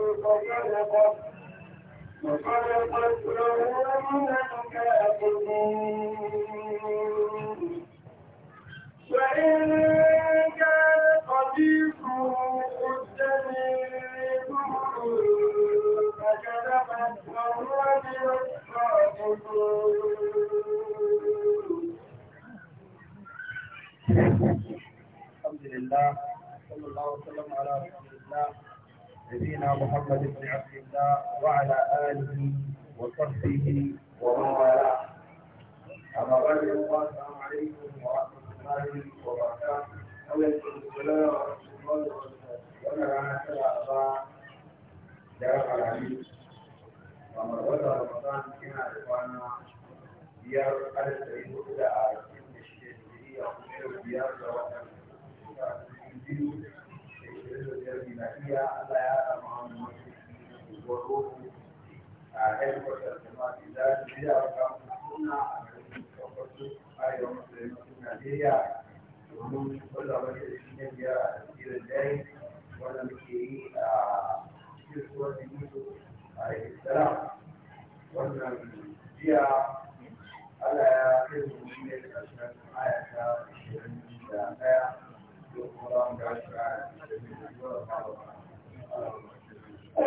فصدقت فصدقت له من الكاذبين وإن كان قميصه قد من دبر فكذبت وهو من الصادقين الحمد لله صلى الله وسلم على رسول الله نبينا محمد بن عبد الله وعلى آله وصحبه ومن والاه أما بعد السلام عليكم ورحمة الله وبركاته عليكم السلام ورحمة الله وبركاته وأنا أنا سبع أربعة جرى العليم ومرة رمضان كنا إخواننا ديار على السعيد إلى عارفين الشهرية ومشروع ديار لوطن الله الشهرية الميلادية على gwaro a headquarter jama'a da za su biya wa kamfanin suna a garin kwakwato arewa masu najeriya domin kwallon da shi ne biya a tsirin dai wanda muke yi a kirkuwar da yusu a islam wannan jiya ala ya kai mu ne da ƙarshen ayata da kuma za mu gashi a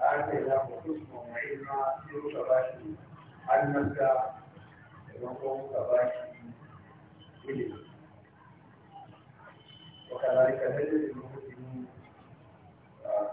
آتيناه حكما وعلما يرتباشي علمك وقوم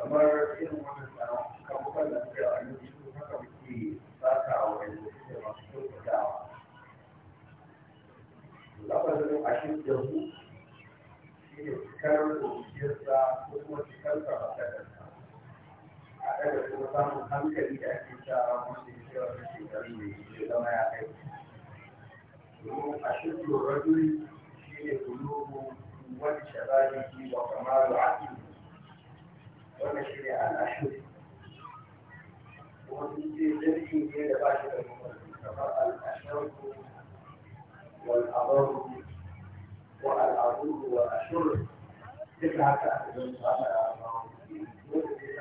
kamar irin wannan tsaron kan a yanzu su wa yanzu da masu kyautatawa lafazin ashin da hu shi ne kada kuma samun hankali da ake sawa masu cewa da shekaru ne ke zama ya kai domin a shirya rajuli shi ne kulubu wani shababiki wa kamaru aki wannan shi ne al'ashir wani ce jirgi ne da ba shi da mutum kamar al'ashir والأضر والأضر والأشر ذكر حتى أحد المصابة